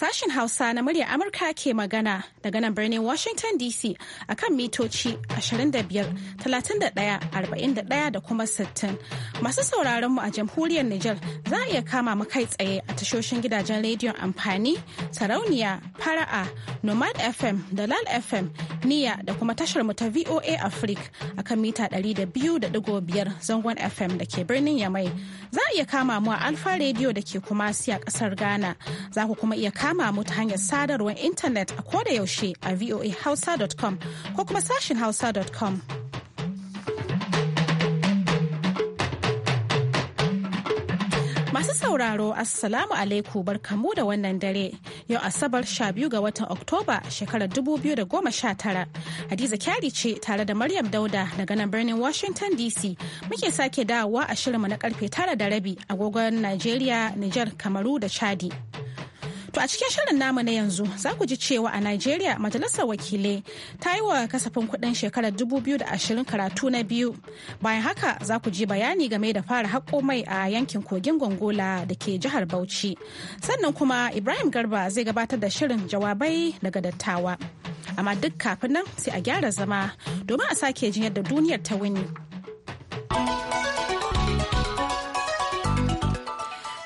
Sashen Hausa na murya Amurka ke magana daga nan birnin Washington DC akan mitoci 25, 31, da kuma 60. Masu sauraron mu a jamhuriyar Nijar za a iya kama mu kai tsaye a tashoshin gidajen rediyon amfani, sarauniya, fara'a, Nomad FM dalal Lal FM, Niya da kuma tashar mu ta VOA Africa akan mita 200.5 zangon FM da ke birnin Yamai. Za a iya kama mu a Alfa Radio da ke kuma a kasar Ghana. Za ku kuma iya kama mu ta hanyar sadarwar intanet a koda yaushe a voahausa.com ko kuma sashin hausa.com. Masu sauraro Assalamu alaikum barkamu da wannan dare yau Asabar sha biyu ga watan Oktoba shekarar 2019. Hadiza Kyari ce tare da Maryam Dauda daga nan birnin Washington DC muke sake dawowa a shirinmu na karfe tara da rabi agogon Najeriya, Nijar, Kamaru da Chadi. To a cikin shirin namu na yanzu za ku ji cewa a Najeriya majalisar wakilai ta yi wa kasafin kudin shekarar 2020 karatu na biyu. Bayan haka za ku ji bayani game da fara haƙo mai a yankin kogin Gongola da ke jihar Bauchi. Sannan kuma Ibrahim Garba zai gabatar da shirin jawabai daga dattawa. Amma duk kafin nan sai a gyara zama domin a sake jin yadda duniyar ta wuni.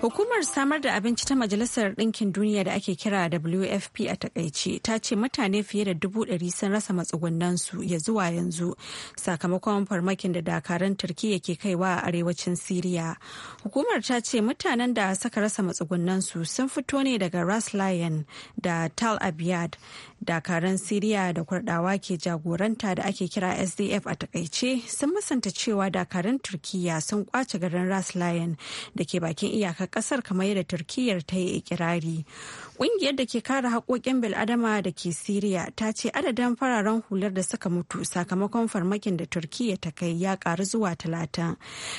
Hukumar samar da abinci ta Majalisar Ɗinkin Duniya da ake kira WFP a takaice ta ce mutane fiye da dubu ɗari sun rasa matsugunansu ya zuwa yanzu sakamakon farmakin da dakaran Turkiyya ke kaiwa a arewacin Siriya. Hukumar ta ce mutanen da suka rasa matsugunansu sun fito ne daga Ras Lion da Tal Abyad dakaran Siriya da kurdawa ke jagoranta da ake kira SDF a takaice sun musanta cewa dakaran Turkiyya sun kwace garin Ras Lion da ke bakin iyaka kasar kamar yadda turkiyyar ta yi ikirari ƙungiyar da ke kare haƙoƙin bil'adama da ke siriya ta ce adadin fararen hular da suka mutu sakamakon farmakin da turkiyya ta kai ya ƙaru zuwa talatin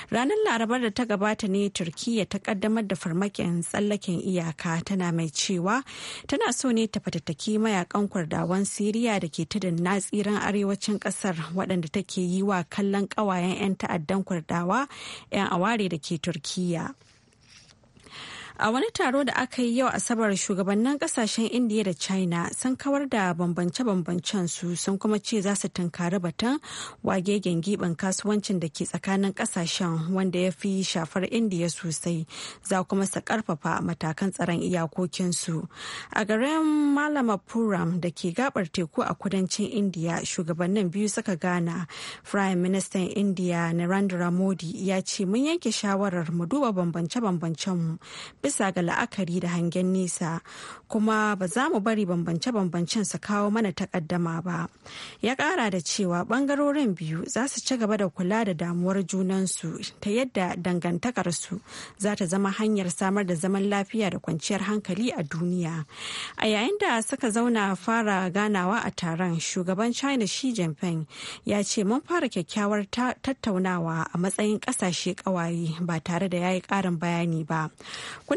ranar larabar da ta gabata ne turkiyya ta ƙaddamar da farmakin tsallaken iyaka tana mai cewa tana so ne ta fatattaki mayakan kwardawan siriya da ke tudun na tsiran arewacin ƙasar waɗanda take yi wa kallon ƙawayen 'yan ta'addan kwardawa 'yan aware da ke turkiyya A wani taro da aka yi yau Asabar shugabannin kasashen Indiya da China sun kawar da bambance-bambancen su sun kuma ce za su tunkari batun wagegen giɓin kasuwancin da ke tsakanin kasashen wanda ya fi shafar Indiya sosai za kuma su karfafa matakan tsaron iyakokinsu. A garin Malama Puram da ke gabar teku a kudancin Indiya shugabannin biyu suka gana. Prime Minister Indiya Narendra Modi ya ce mun yanke shawarar mu duba bambance-bambancen mu bisa ga la'akari da hangen nisa kuma ba za mu bari bambance-bambancen su kawo mana takaddama ba ya kara da cewa bangarorin biyu za su ci gaba da kula da damuwar junansu ta yadda dangantakarsu za ta zama hanyar samar da zaman lafiya da kwanciyar hankali a duniya a yayin da suka zauna fara ganawa a taron shugaban china shi jinping ya ce mun fara kyakkyawar tattaunawa a matsayin kasashe ƙawaye ba tare da ya yi karin bayani ba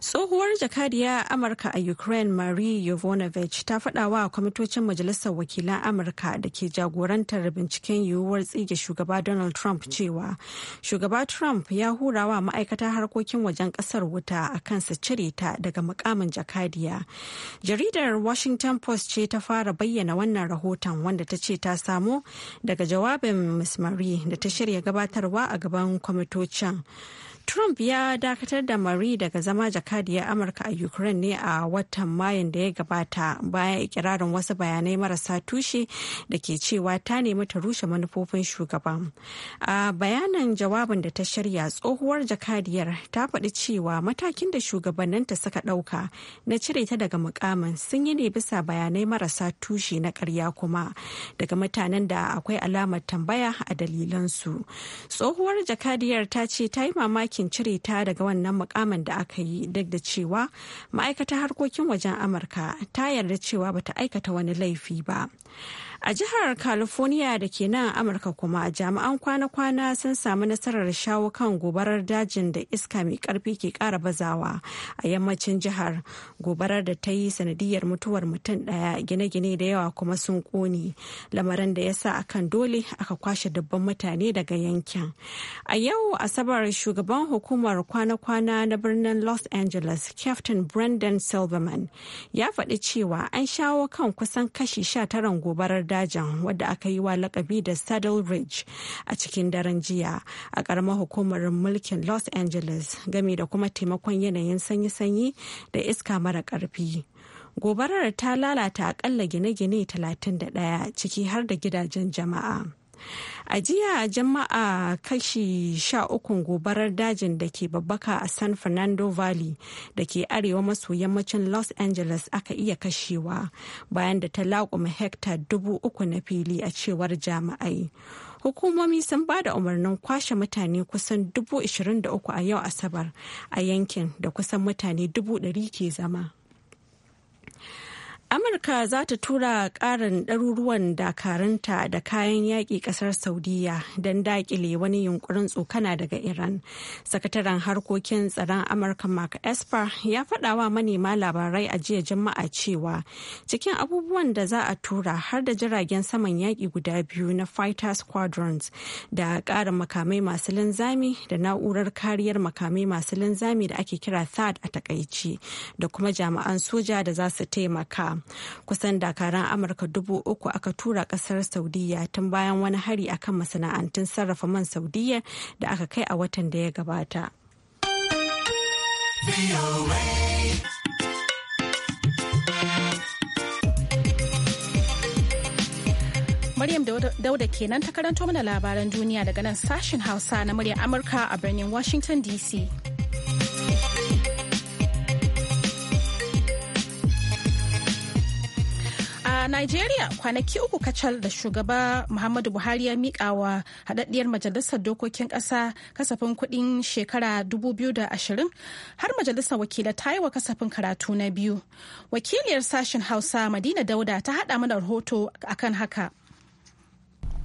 Tsohuwar jakadiya Amurka a Ukraine Marie Yovanovich ta faɗawa a kwamitocin Majalisar Wakilan Amurka da ke jagorantar binciken yiwuwar tsige shugaba Donald Trump cewa shugaba Trump ya hurawa ma'aikata harkokin wajen ƙasar wuta a kan su cire ta daga mukamin jakadiya. Jaridar Washington Post ce ta fara bayyana wannan rahoton wanda ta ce ta samo daga jawabin Miss Marie da ta shirya gabatarwa a gaban kwamitocin. Trump ya dakatar da Marie daga zama jakadiyar Amurka a Ukraine ne a watan Mayun da ya gabata bayan ikirarin wasu bayanai marasa tushe da ke cewa ta nemi ta rushe manufofin shugaban. A bayanan jawabin da ta shirya tsohuwar jakadiyar ta faɗi cewa matakin da shugabanninta suka ɗauka na cire ta daga mukamin sun yi ne bisa bayanai marasa tushe na karya kuma daga mutanen da akwai alamar tambaya a dalilansu. Tsohuwar jakadiyar ta ce ta yi mamaki aikin cire ta daga wannan mukamin da aka yi duk da cewa ma'aikatar harkokin wajen amurka ta yarda cewa bata aikata wani laifi ba A jihar California da ke nan Amurka kuma jami'an kwana-kwana sun samu nasarar shawo kan gobarar dajin da iska mai karfi ke kara bazawa a yammacin jihar. Gobarar da ta yi sanadiyar mutuwar mutum daya gine-gine da yawa kuma sun kone lamarin da ya sa akan dole aka kwashe dubban mutane daga yankin. A yau Asabar shugaban hukumar kwana-kwana na birnin Los Angeles, Captain Brendan Silverman, ya faɗi cewa an shawo kan kusan kashi 19 gobarar dajin wadda aka yi wa lakabi da saddle ridge a cikin daren jiya a karamar hukumar mulkin los angeles game da kuma taimakon yanayin sanyi-sanyi da iska mara karfi gobarar ta lalata akalla gine-gine 31 ciki har da gidajen jama'a. A jiya jama'a kashi sha ukun gobarar dajin da ke babbaka a San Fernando Valley da ke arewa maso yammacin Los Angeles aka iya kashewa bayan da ta laƙuma hekta dubu uku na fili a cewar jami'ai. Hukumomi sun ba da umarnin kwashe mutane kusan dubu uku a yau Asabar a yankin da kusan mutane dubu ɗari ke zama. Amurka za ta tura ƙarin ɗaruruwan dakarunta da kayan yaƙi ƙasar Saudiya don daƙile wani yunkurin tsokana daga Iran. Sakataren harkokin tsaron Amurka Mark Esper ya faɗawa manema labarai a jiya Juma'a cewa cikin abubuwan da za a tura har da jiragen saman yaƙi guda biyu na fighter squadrons da ƙarin makamai masu linzami da na'urar kariyar makamai masu linzami da ake kira THAAD a takaici da kuma jami'an soja da za su taimaka. Kusan dakaran Amurka dubu uku aka tura kasar Saudiya tun bayan wani hari akan masana'antun sarrafa man Saudiya da aka kai a watan da ya gabata. Maryam Dauda kenan ta karanto mana labaran duniya daga nan sashen Hausa na murya Amurka a birnin Washington DC. A Najeriya kwanaki uku kacal da shugaba Muhammadu Buhari ya miƙa wa haɗaɗɗiyar majalisar dokokin ƙasa kasafin kuɗin shekara 2020 har majalisar wakila ta yi wa kasafin karatu na biyu. Wakiliyar sashen Hausa Madina Dauda ta haɗa mana rahoto akan haka.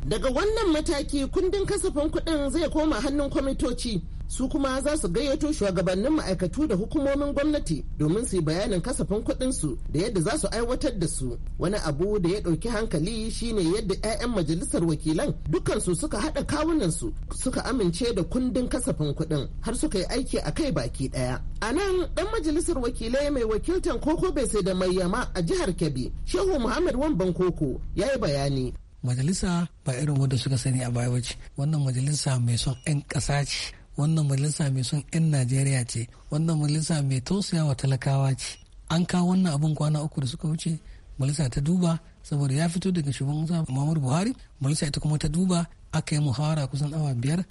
Daga wannan mataki kundin kasafin kuɗin zai koma hannun kwamitoci. su kuma za su gayyato shugabannin ma'aikatu da hukumomin gwamnati domin su yi bayanin kasafin kuɗinsu da yadda za su aiwatar da su wani abu da ya ɗauki hankali shine yadda 'ya'yan majalisar wakilan dukansu suka haɗa kawunansu suka amince da kundin kasafin kuɗin har suka yi aiki a kai baki ɗaya a nan ɗan majalisar wakilai mai wakiltan koko bai sai da mai yama a jihar kebbi shehu muhammad wamban koko ya yi bayani majalisa ba irin wanda suka sani a baya bace wannan majalisa mai son 'yan ƙasa ce wannan majalisa mai son 'yan najeriya ce wannan majalisa mai tausaya wa talakawa ce an kawo wannan abin kwana uku da suka wuce majalisa ta duba saboda ya fito daga shugaban kasa muhammadu buhari majalisa ita kuma ta duba aka yi muhawara kusan awa biyar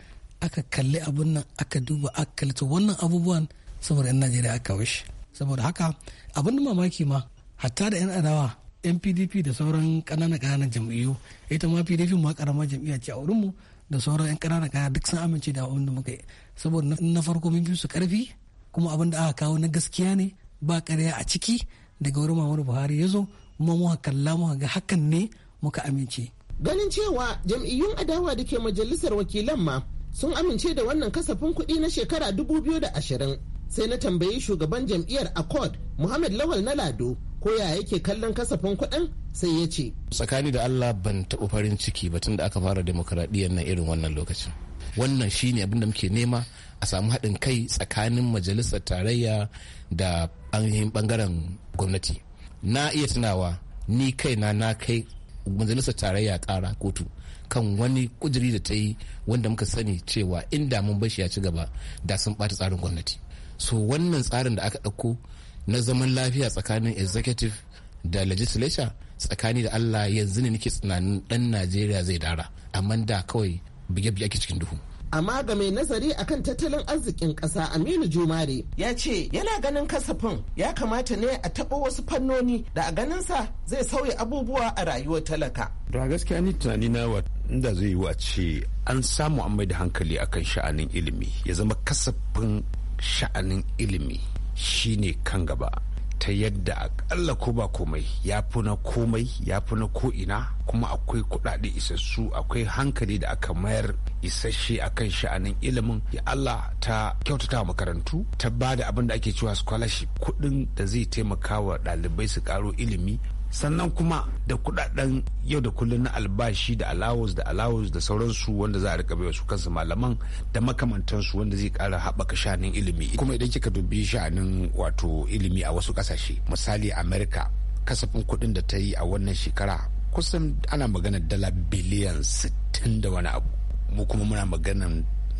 aka kalli abin nan aka duba aka kalli to wannan abubuwan saboda 'yan najeriya aka kawo shi saboda haka abin da mamaki ma hatta da 'yan adawa NPDP da sauran ƙananan kananan jam'iyyu ita ma pdp ma karamar jam'iyya ce a wurinmu da sauran yan ƙananan ƙananan duk sun amince da abin da muka yi saboda na farko mun fi su karfi kuma abin da aka kawo na gaskiya ne ba karya a ciki daga wurin Muhammadu Buhari ya zo kuma muka kalla muka ga hakan ne muka amince. Ganin cewa jam'iyyun adawa da ke majalisar wakilan ma sun amince da wannan kasafin kuɗi na shekara dubu biyu da ashirin sai na tambayi shugaban jam'iyyar Accord Muhammad Lawal na Lado ko ya yake kallon kasafin kuɗin sai ya ce tsakani da allah ban taɓa farin ciki batun da aka fara demokaradiyyar nan irin wannan lokacin wannan shine abin da muke nema a samu haɗin kai tsakanin majalisar tarayya da ainihin ɓangaren gwamnati na iya tunawa ni kaina na kai majalisar tarayya ƙara kotu kan wani kujeri da ta yi wanda muka sani cewa inda mun bashi ya ci gaba da sun ɓata tsarin gwamnati so wannan tsarin da aka ɗauko na zaman lafiya tsakanin executive da legislature tsakani da allah yanzu ne nake tsananin dan najeriya zai dara amma da kawai bige-bige ake cikin duhu amma ga mai nazari akan tattalin arzikin ƙasa aminu jumare ya ce yana ganin kasafin ya kamata ne a taɓa wasu fannoni da a ganinsa zai sauya abubuwa a rayuwar talaka da gaskiya ni tunani na inda zai yi ce an samu an da hankali akan sha'anin ilimi ya zama kasafin sha'anin ilimi shine kan gaba ta yadda akalla ko ba komai ya fi na komai ya fi na ko'ina kuma akwai kudade isassu akwai hankali da aka mayar isasshe akan sha'anin ilimin ya Allah ta kyautata makarantu ta ba da abin da ake cewa scholarship kudin da zai taimaka wa ɗalibai su karo ilimi sannan kuma da kudaden yau da kullun na albashi da allowance da allowance da sauransu wanda za a rika baiwa su kansu malaman da makamantansu wanda zai kara haɓaka sha'anin ilimi kuma idan kika dubi sha'anin wato ilimi a wasu kasashe misali america kasafin kuɗin da ta yi a wannan shekara kusan ana magana dala biliyan 60 da wani abu mu kuma muna maganar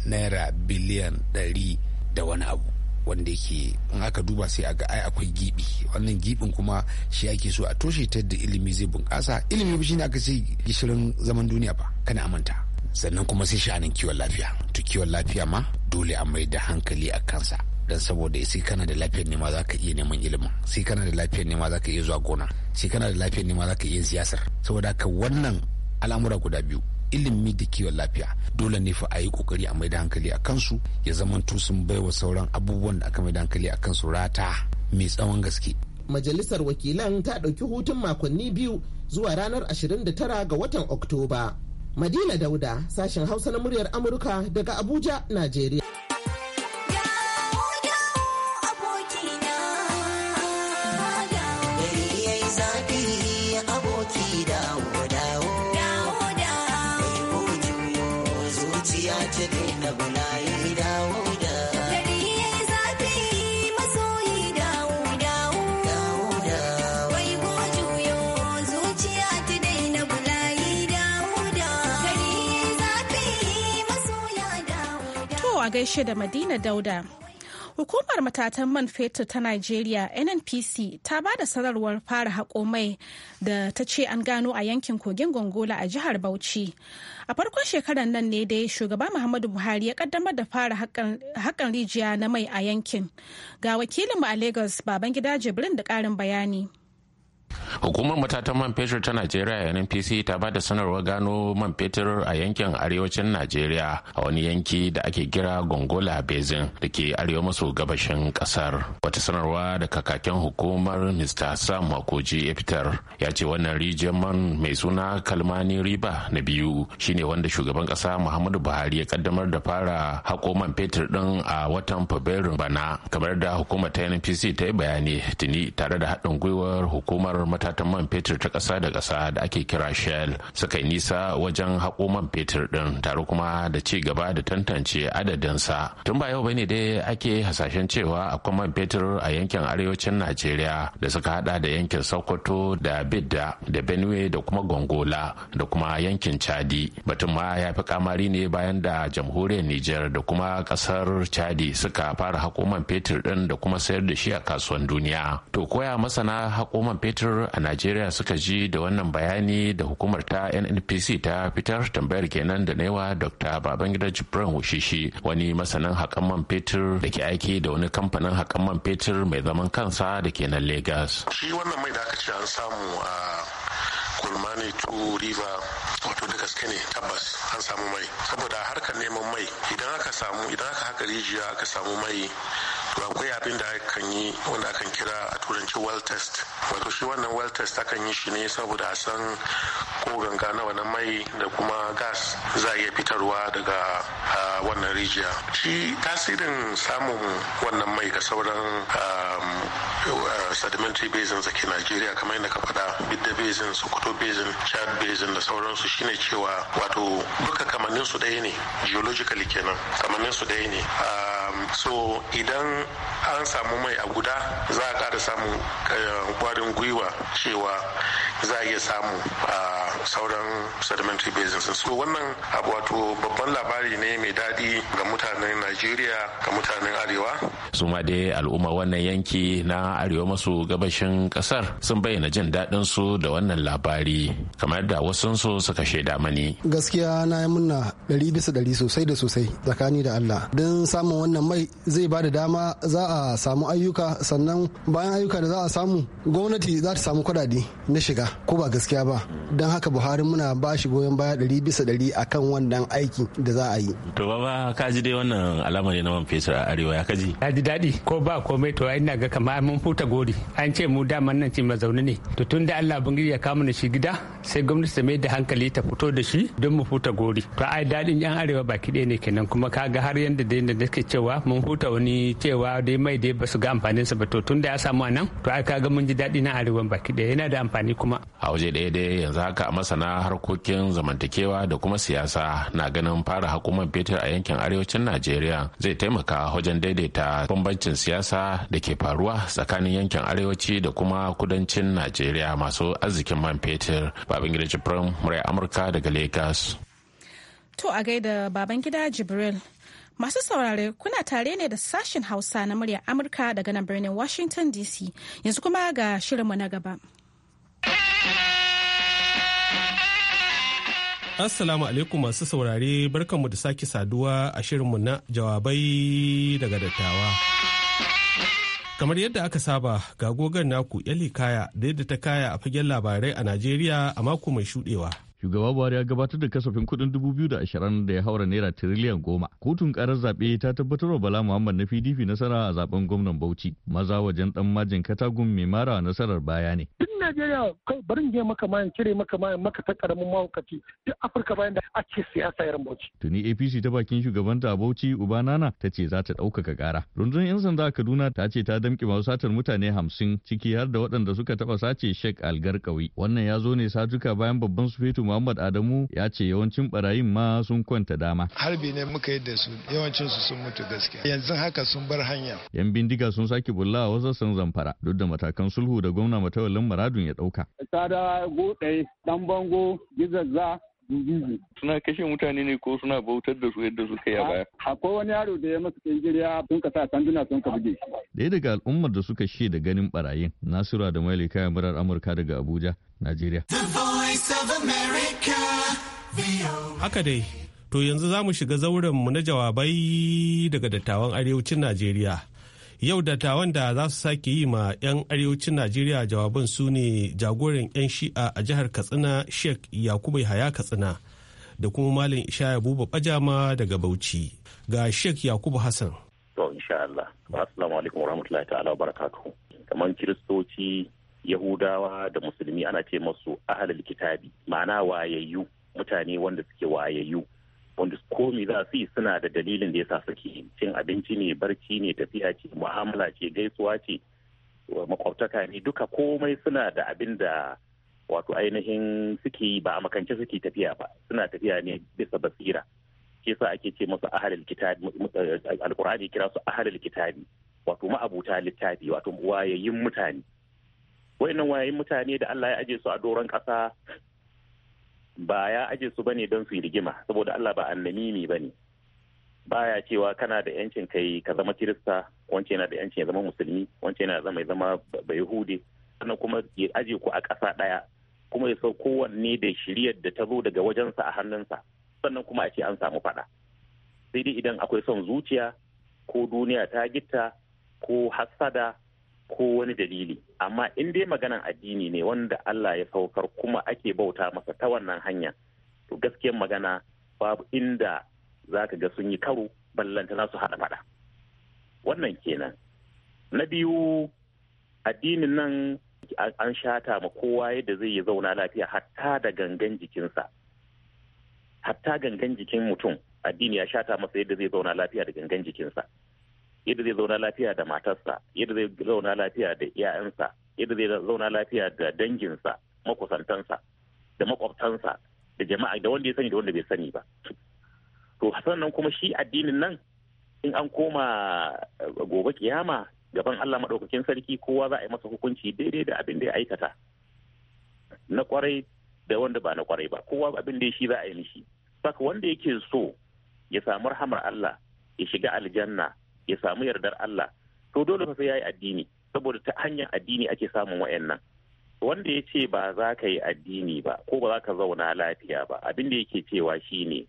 naira biliyan 100 da wani abu wanda yake in aka duba sai a ga ai akwai gibi wannan gibin kuma shi ake so a toshe ta da ilimi zai bunƙasa ilimi ba shine aka ce gishirin zaman duniya ba kana amanta sannan kuma sai sha'anin kiwon lafiya to kiwon lafiya ma dole a mai da hankali a kansa dan saboda sai kana da lafiyar nema za ka iya neman ilimin sai kana da lafiyar nema za ka iya zuwa gona sai kana da lafiyar nema za ka iya siyasar saboda haka wannan al'amura guda biyu ilimi da kiwon lafiya dole ne fa a yi kokari a maida hankali a kansu ya zamanto sun baiwa sauran abubuwan da aka maida hankali a kansu rata mai tsawon gaske majalisar wakilan ta ɗauki hutun makonni biyu zuwa ranar 29 ga watan oktoba madina dauda sashen hausa na muryar amurka daga abuja najeriya gaishe da Madina Dauda. Hukumar matatan man fetur ta nigeria NNPC ta ba da sanarwar fara haƙo mai da ta ce an gano a yankin kogin Gongola a jihar Bauchi. A farkon shekarar nan ne dai shugaba Muhammadu Buhari ya kaddamar da fara haƙan rijiya na mai a yankin. Ga wakilinmu a Lagos Babangida Jibrin da ƙarin bayani. hukumar matatan man fetur ta najeriya nnpc ta ba da sanarwar gano man fetur a yankin arewacin najeriya a wani yanki da ake kira gongola basin da ke arewa maso gabashin kasar wata sanarwa da kakakin hukumar mr sam makoji ya ya ce wannan rijiyar man mai suna kalmani riba na biyu shine wanda shugaban kasa muhammadu buhari ya kaddamar da fara hako man fetur din a watan fabrairu bana kamar da hukumar ta npc ta yi bayani tuni tare da haɗin gwiwar hukumar hukumar matatan man fetur ta ƙasa da ƙasa da ake kira shell suka nisa wajen haƙo man fetur ɗin tare kuma da ci gaba da tantance adadinsa tun ba yau bane dai ake hasashen cewa akwai man fetur a yankin arewacin najeriya da suka hada da yankin sokoto da bidda da benue da kuma gongola da kuma yankin chadi batun ma ya fi kamari ne bayan da jamhuriyar niger da kuma ƙasar chadi suka fara haƙo man fetur ɗin da kuma sayar da shi a kasuwan duniya to koya masana haƙo man fetur fetur a najeriya suka ji da wannan bayani da hukumar ta nnpc ta fitar tambayar kenan da naiwa dr babangida jibran wushishi wani masanin haƙan man fetur da ke aiki da wani kamfanin haƙan man fetur mai zaman kansa da ke nan lagos shi wannan mai da aka ce an samu a kulmani to river wato da gaske ne tabbas an samu mai saboda harkar neman mai idan aka samu idan aka haka rijiya aka samu mai to akwai abin da akan yi wanda akan kira a turanci well test wato shi wannan well test akan yi shi ne saboda a san ko ganga nawa na mai da kuma gas za a iya fitarwa daga wannan rijiya shi tasirin samun wannan mai ga sauran sedimentary basins a ke najeriya kamar yadda ka faɗa bidda basin sokoto basin chad basin da sauransu shine cewa wato duka kamanninsu su ɗaya ne geologically kenan kamannin su ɗaya ne so idan an samu mai a guda za a ƙara samun kwarin eh, gwiwa cewa za a iya samu a ah, sauran sedimentary basins so wannan abu wato babban labari ne mai daɗi ga mutanen najeriya ga mutanen arewa su ma dai al'umma wannan yanki na arewa maso gabashin kasar sun bayyana jin daɗin su da wannan labari kamar da wasu su suka shaida mani gaskiya na yi munna ɗari bisa ɗari sosai da sosai tsakani da allah don samun wannan mai zai ba da dama za a samu ayyuka sannan bayan ayyuka da za a samu gwamnati za ta samu kuɗaɗe na shiga ko ba gaskiya ba don haka buhari muna ba shi goyon baya ɗari bisa ɗari kan wannan aiki da za a yi to baba ka ji dai wannan alamari na man fetur a arewa ya kaji ya ji daɗi ko ba komai to ina ga kama mun futa gori an ce mu daman nan ce mazauni ne to tun da allah bangiji ya kama shi gida sai gwamnati ta mai da hankali ta fito da shi don mu futa gori to ai daɗin yan arewa baki ɗaya ne kenan kuma ka ga har yadda dai da nake cewa mun huta wani cewa dai mai dai su ga amfanin sa ba to tun da ya samu nan to ai ka ga mun ji daɗi na arewa baki ɗaya yana da amfani kuma a waje ɗaya dai yanzu haka a masana harkokin zamantakewa da kuma siyasa na ganin fara hakuman fetur a yankin arewacin najeriya zai taimaka wajen daidaita bambancin siyasa da ke faruwa tsakanin yankin arewaci da kuma kudancin najeriya masu arzikin man fetur gida jibril murai amurka daga lagos to a gaida babangida jibril Masu saurare kuna tare ne da sashen Hausa na murya Amurka daga nan birnin Washington DC. Yanzu kuma ga shirinmu na gaba. Assalamu alaikum masu saurare barkanmu da sake saduwa a shirinmu na jawabai daga dattawa. Kamar yadda aka saba ga gogon naku yali kaya da yadda ta kaya a fagen labarai a Najeriya a mako mai shudewa. shugaba buhari ya gabatar da kasafin kudin 2020 da ya haura naira tiriliyan goma kotun ƙarar zaɓe ta tabbatar wa bala muhammad na pdp nasara a zaben gwamnan bauchi maza wajen ɗan majin katagun mai mara nasarar baya ne Najeriya kai barin je maka mayan cire maka mayan maka ta karamin mahaukaci duk Afirka bayan da ake siyasa yaran Bauchi. Tuni APC ta bakin shugabanta Bauchi Ubanana ta ce za ta ɗaukaka ƙara. Rundunar 'yan sanda Kaduna ta ce ta damƙe masu satar mutane hamsin ciki har da waɗanda suka taɓa sace Sheikh Algar Kawi. Wannan ya zo ne satuka bayan babban sufetu Muhammad Adamu ya ce yawancin barayin ma sun kwanta dama. Harbi ne muka yi da su yawancin su sun mutu gaskiya. Yanzu haka sun bar hanya. Yan bindiga sun sake bulla a wasu sun zamfara duk da matakan sulhu da gwamna Matawallin Mara muradun ya ɗauka. Sada gudai, dan bango, gizazza, dubizu. Suna kashe mutane ne ko suna bautar da su yadda suka yi a baya. Akwai wani yaro da ya masa kingiriya sun ka sa sanduna sun ka buge. Ɗaya daga al'ummar da suka she da ganin barayin nasiru da Maili kayan murar Amurka daga Abuja, Najeriya. Haka dai, to yanzu za mu shiga zauren mu na jawabai daga dattawan arewacin Najeriya. yau dattawan da za su sake yi ma 'yan arewacin najeriya jawabin su ne jagoran 'yan shi'a a jihar katsina sheikh yakubu haya katsina da kuma malam ishaya buba bajama daga bauchi ga sheikh yakubu hassan to insha Allah assalamu alaikum warahmatullahi ta'ala kamar kiristoci yahudawa da musulmi ana ce masu ahlul kitabi ma'ana wayayyu mutane wanda suke wayayyu wanda komi za su yi suna da dalilin da ya sa suke cin abinci ne barci ne tafiya ce mu'amala ce gaisuwa ce makwabtaka ne duka komai suna da abin da wato ainihin suke yi ba a makance suke tafiya ba suna tafiya ne bisa basira shi yasa ake ce masu ahalil kitabi eh, alqur'ani kira su ahalil kitabi wato ma'abuta littafi wato wayayin mutane wayannan wayayin mutane da Allah ya aje su a doron kasa ba ya aje su bane don su yi rigima saboda Allah ba annami ne bane baya cewa kana da yancin kai ka zama kirista wance yana da yancin ya zama musulmi wance yana zama ya zama bayahudi sannan kuma ya aje ku a ƙasa ɗaya kuma ya sau kowanne da shiryar da ta zo daga wajensa a hannunsa sannan kuma a ce an samu faɗa sai dai idan akwai son zuciya ko duniya ta gitta ko hassada ko wani dalili amma in dai maganan addini ne wanda Allah ya saukar kuma ake bauta masa ta wannan hanya to gaskiyar magana babu inda za ka ga sun yi karo na su haɗa faɗa wannan kenan na biyu addinin nan an shata ma kowa yadda zai yi zauna lafiya hatta da gangan jikinsa hatta gangan jikin mutum addini ya shata masa yadda zai zauna lafiya da gangan jikinsa yadda zai zauna lafiya da matarsa yadda zai zauna lafiya da 'ya'yansa yadda zai zauna lafiya da danginsa makusantansa da makwabtansa da jama'a da wanda ya sani da wanda bai sani ba to sannan kuma shi addinin nan in an koma eh, gobe kiyama gaban Allah maɗaukakin sarki kowa za a yi masa hukunci daidai da abin da ya aikata na kwarai da wanda ba na kwarai ba kowa abin da shi za a yi mishi saka wanda yake so ya samu rahamar Allah ya shiga aljanna ya samu yardar Allah to dole fa sai yayi addini saboda ta hanyar addini ake samun wayannan wanda ya ce ba za ka yi addini ba ko ba za ka zauna lafiya ba abin da yake cewa shine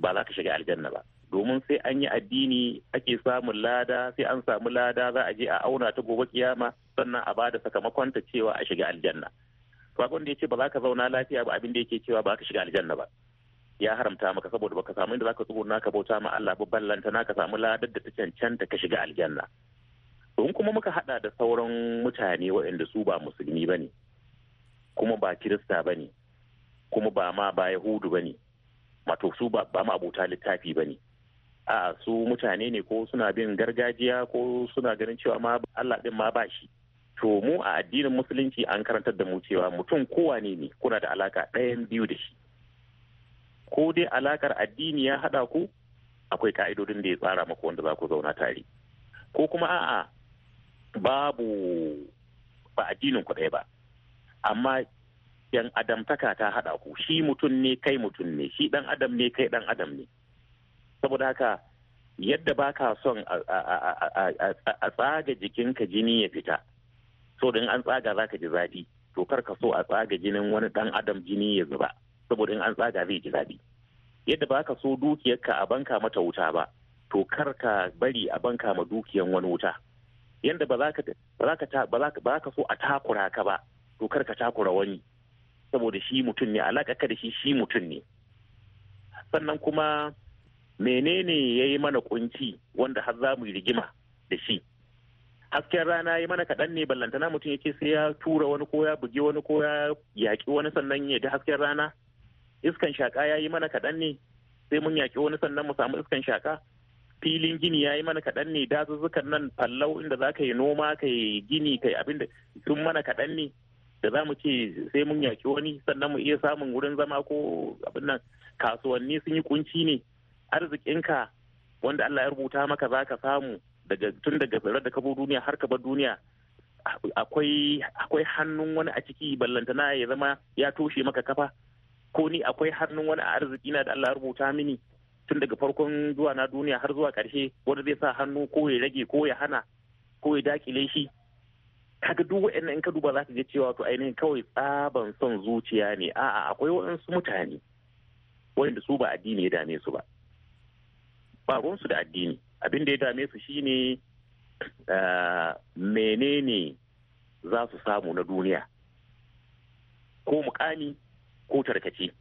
ba za ka shiga aljanna ba domin sai an yi addini ake samun lada sai an samu lada za a je a auna ta gobe kiyama sannan a bada sakamakon ta cewa a shiga aljanna to abin da yake ba za ka zauna lafiya ba abin da yake cewa ba za ka shiga aljanna ba ya haramta maka saboda baka samu inda zaka na ka bauta ma Allah ba ballanta na ka samu ladar da ta cancanta ka shiga aljanna Don kuma muka hada da sauran mutane waɗanda su ba musulmi bane kuma ba kirista bane kuma ba ma ba yahudu bane wato su ba ma abota littafi bane a su mutane ne ko suna bin gargajiya ko suna ganin cewa ma Allah din ma ba shi to mu a addinin musulunci an karantar da mu cewa mutum ne ne kuna da alaka ɗayan biyu da shi ko dai alakar addini ya haɗa ku akwai ka'idodin da ya tsara maku wanda za ku zauna tare ko kuma a'a babu ba addinin ku ɗaya ba amma yan adamtaka ta haɗa ku shi mutum ne kai mutum ne shi ɗan adam ne kai ɗan adam ne saboda haka yadda ba ka son a tsaga jikinka jini ya fita so in an tsaga za ka ji zafi to kar ka so a tsaga jinin wani ɗan adam jini ya zuba saboda in an tsaga zai ji zabi yadda ba ka so dukiyarka a banka mata wuta ba to kar ka bari a banka ma dukiyan wani wuta yadda ba za ka so a takura ka ba to kar ka takura wani saboda shi mutum ne alaƙa ka da shi shi mutum ne sannan kuma menene ya yi mana kunci wanda har za mu yi rigima da shi hasken rana ya mana kaɗan ne ballantana mutum ya ce sai ya tura wani ko ya bugi wani ko ya yaƙi wani sannan ya ji hasken rana iskan shaka ya yi mana kaɗan ne sai mun yaƙi wani sannan mu samu iskan shaka filin gini ya yi mana kaɗan ne dazuzzukan nan fallau inda za ka yi noma ka yi gini ka yi abin da sun mana kaɗan ne da za mu ce sai mun yaƙi wani sannan mu iya samun wurin zama ko abin nan kasuwanni sun yi kunci ne arzikinka wanda Allah ya rubuta maka za ka samu daga tun daga tsira da kabo duniya har ka bar duniya akwai hannun wani a ciki ballantana ya zama ya toshe maka kafa ko ni akwai hannun wani arziki na da Allah rubuta mini tun daga farkon zuwa na duniya har zuwa karshe wanda zai sa hannu ko ya rage ko ya hana ko ya dakile shi kaga duk waɗannan in ka duba za ka ga cewa to ainihin kawai tsaban son zuciya ne a'a akwai waɗansu mutane wanda su ba addini ya dame su ba ba da addini abin da ya dame su shine eh, menene za su samu na duniya ko mukami ko tarkace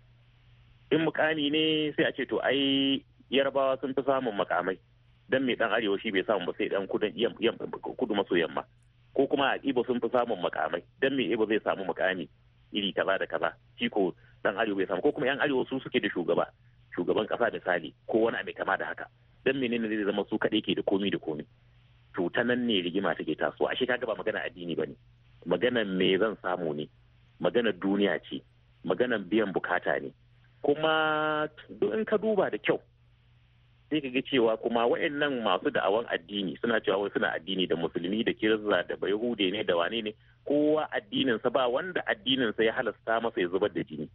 in mukami ne sai a ce to ai yarbawa sun fi samun makamai dan mai dan arewa shi bai samu ba sai dan kudu maso yamma ko kuma a ibo sun fi samun makamai dan mai ibo zai samu mukami iri kaza da kaza shi ko dan arewa bai samu ko kuma yan arewa su suke da shugaba shugaban kasa misali ko wani abu kama da haka dan menene zai zama su kaɗai ke da komi da komi to ta nan ne rigima take tasowa ashe ka ba magana addini bane magana me zan samu ne magana duniya ce maganan biyan bukata ne kuma in ka duba da kyau sai ka ga cewa kuma waɗannan masu da'awan addini suna cewa wai suna addini da musulmi da kirista da bayahude ne da wane ne kowa addininsa ba wanda addininsa ya halasta masa ya zubar da jini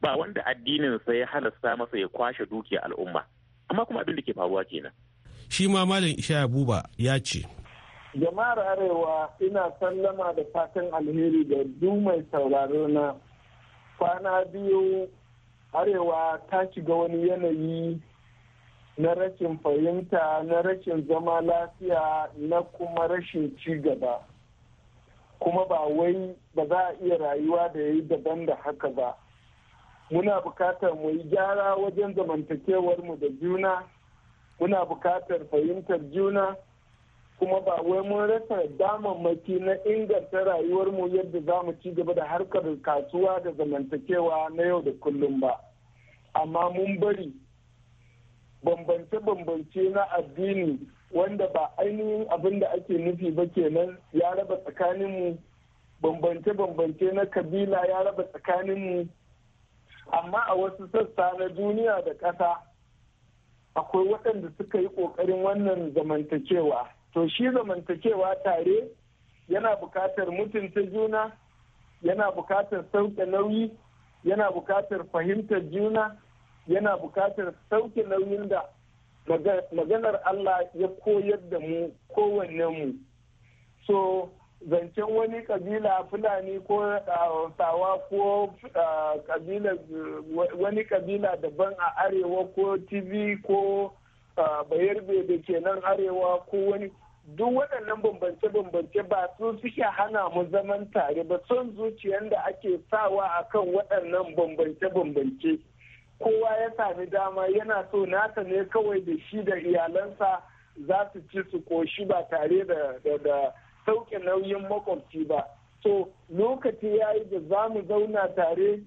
ba wanda addininsa ya halasta masa ya kwashe dukiya al'umma amma kuma abin da ke faruwa kenan shi ma malam isha abuba ya ce jama'ar arewa ina sallama da fatan alheri da duk mai sauraro na kwana biyu arewa ta shiga wani yanayi na rashin fahimta na rashin zama lafiya na kuma rashin ci gaba kuma ba wai ba za a iya rayuwa da ya yi daban da haka ba muna bukatar mu yi gyara wajen zamantakewar mu da juna muna bukatar fahimtar juna kuma ba wai mun rasa damammaki na inganta rayuwarmu yadda za mu ci gaba da harkar kasuwa da zamantakewa na yau da kullum ba amma mun bari bambance-bambance na addini wanda ba ainihin abin da ake nufi ba kenan ya raba tsakaninmu bambance-bambance na kabila ya raba tsakaninmu amma a wasu sassa na duniya da ƙasa akwai waɗanda suka yi ƙoƙarin wannan zamantakewa to shi zamantakewa tare yana bukatar mutunta juna yana bukatar sauke nauyi yana bukatar fahimtar juna yana buƙatar sauke nauyin da maganar Allah ya koyar da mu kowanne mu so zancen wani kabila fulani ko sawa ko wani kabila daban a arewa ko tv ko bayar da ke nan arewa ko wani duk waɗannan bambance-bambance ba su suke hana mu zaman tare ba son zuciyar da ake sawa a kan waɗannan bambance-bambance kowa ya sami dama yana so nasa ne kawai da shi da iyalansa za su ci su koshi ba tare da sauke nauyin makwabci ba so lokaci ya yi da za mu zauna tare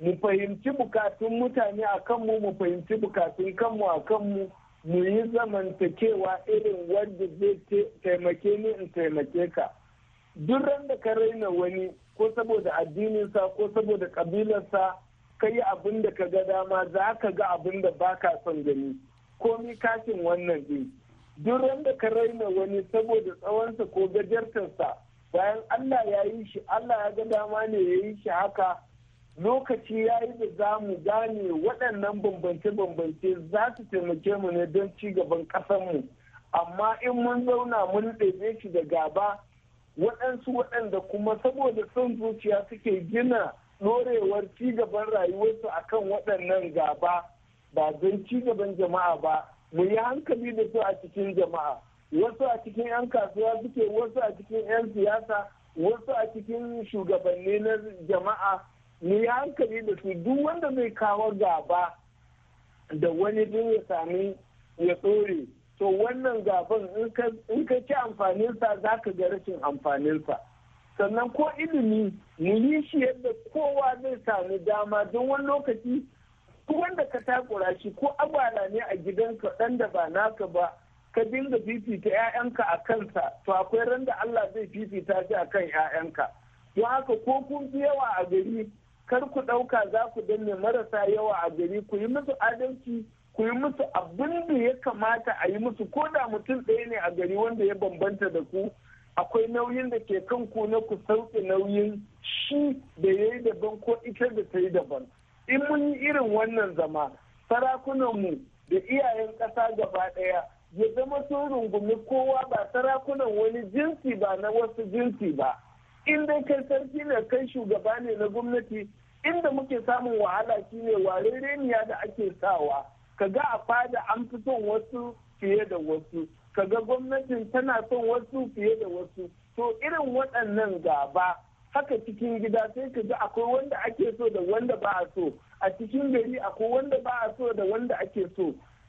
mu fahimci bukatun mutane a kanmu mu fahimci bukatun kanmu a kanmu mu yi zamantakewa irin wanda zai taimake ni in taimake ka duk randa da ka raina wani ko saboda addininsa ko saboda kabilarsa ka yi abin da ka ga dama za ka ga abin da ba ka son gani komi kashin wannan din duk da ka raina wani saboda tsawonsa ko gajartarsa bayan allah ya yi shi allah ya ga dama ne ya yi shi haka lokaci ya yi da za mu gane waɗannan bambance-bambance za su taimake mu ne don ci gaban ƙasanmu amma in mun zauna mun ɗebe shi da gaba waɗansu waɗanda kuma saboda son zuciya suke gina ɗorewar ci gaban rayuwarsu akan waɗannan gaba ba don ci gaban jama'a ba mu yi hankali da su a cikin jama'a wasu a cikin 'yan kasuwa suke wasu a cikin 'yan siyasa wasu a cikin shugabanni na jama'a mu yi hankali da su duk wanda zai kawo gaba da wani din ya sami ya tsore to wannan gaban in ka ci amfaninsa za ka ga rashin amfaninsa sannan ko ilimi mu yi shi yadda kowa zai sami dama don wani lokaci ko wanda ka takura shi ko abala ne a gidanka ɗan da ba naka ba ka dinga fifita 'ya'yanka a kansa to akwai randa Allah zai fifita shi a kan 'ya'yanka don haka ko kun fi yawa a gari kar ku ɗauka za ku danne marasa yawa a gari ku yi musu adalci ku yi musu abin da ya kamata a yi musu ko da mutum ɗaya ne a gari wanda ya bambanta da ku akwai nauyin da ke kan ku na ku sauke nauyin shi da ya yi daban ko ita da ta yi daban in mun yi irin wannan zama sarakunanmu da iyayen ƙasa gaba ɗaya ya zama sun rungumi kowa ba sarakunan wani jinsi ba na wasu jinsi ba in dai kai sarki ne kai shugaba ne na gwamnati inda muke samun wahala shine remiya da ake sawa ka ga a fada an fi son wasu fiye da wasu ka ga gwamnatin tana son wasu fiye da wasu to irin waɗannan gaba haka cikin gida sai ka ga akwai wanda ake so da wanda ba a so a cikin gari akwai wanda ba a so da wanda ake so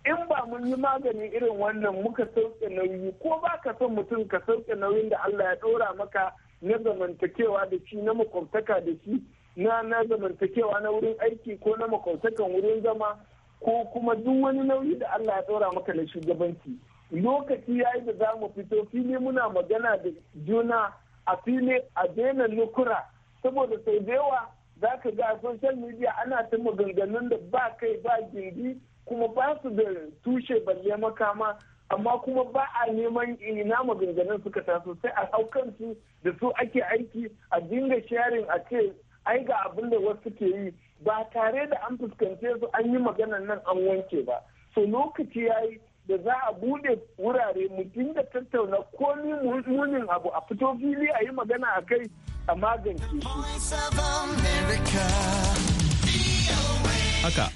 in ba mun yi magani irin wannan muka sauke nauyi ko ba ka son mutum ka sauke nauyin da Allah ya ɗora maka na zamantakewa da shi na makwabtaka da shi na na zamantakewa na wurin aiki ko na makwautakan wurin zama ko kuma duk wani nauyi da Allah ya ɗora maka na shugabanci lokaci yayi da za mu fito fili muna magana da juna a fili a daina lukura saboda sau da yawa za ka ga a social media ana ta maganganun da ba kai ba gindi kuma ba su da tushe balle makama amma kuma ba a neman ina maganganun suka taso sai a hau da su ake aiki a dinga sharing a ce ai ga abin da wasu ke yi ba tare da an fuskance su an yi maganan nan an wanke ba so lokaci ya yi da za a bude wurare mu dinga tattauna komi munin abu a fito fili a yi magana a kai a magance haka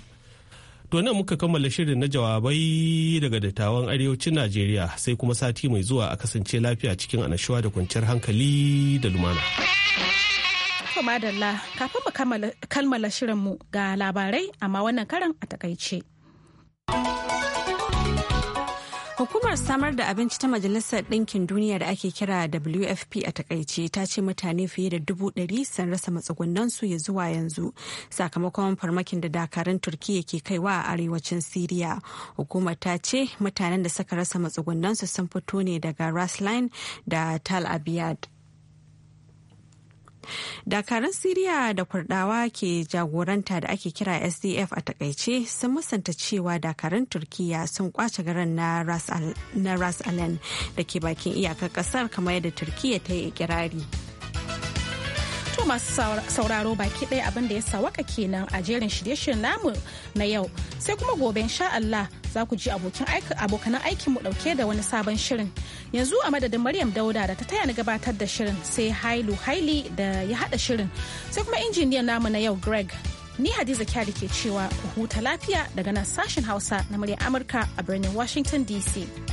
To nan muka kammala shirin na jawabai daga dattawan arewacin Najeriya sai kuma sati mai zuwa a kasance lafiya cikin anashuwa da kwanciyar hankali da lumana. To madalla kafin mu kammala shirinmu ga labarai amma wannan karan a takaice. Hukumar samar da abinci ta Majalisar Ɗinkin Duniya da ake kira WFP a takaice ta ce mutane fiye da dubu ɗari sun rasa matsugunansu ya zuwa yanzu sakamakon farmakin da dakarun Turkiyya ke kaiwa a arewacin Siriya. Hukumar ta ce mutanen da suka rasa matsugunansu sun fito ne daga Rasline da Tal Abiyad. Dakaran Siriya da Kurdawa ke jagoranta da ake kira SDF a takaice sun musanta cewa dakaran Turkiya sun kwace garin na Ras Alen da ke bakin iyakar kasar kamar yadda Turkiya ta yi ikirari. To masu sauraro baki ɗaya abin da ya sawaka kenan a jerin shirye-shiryen namu na yau. Sai kuma gobe sha Allah za ku ji abokan aikin mu ɗauke da wani sabon shirin. Yanzu a madadin Maryam Dauda da ta taya ni gabatar da shirin sai Hailu Haili da ya haɗa shirin. Sai kuma injiniyan namu na yau Greg. Ni Hadiza Kyari ke cewa ku huta lafiya daga nan sashen Hausa na muryar Amurka a birnin Washington DC.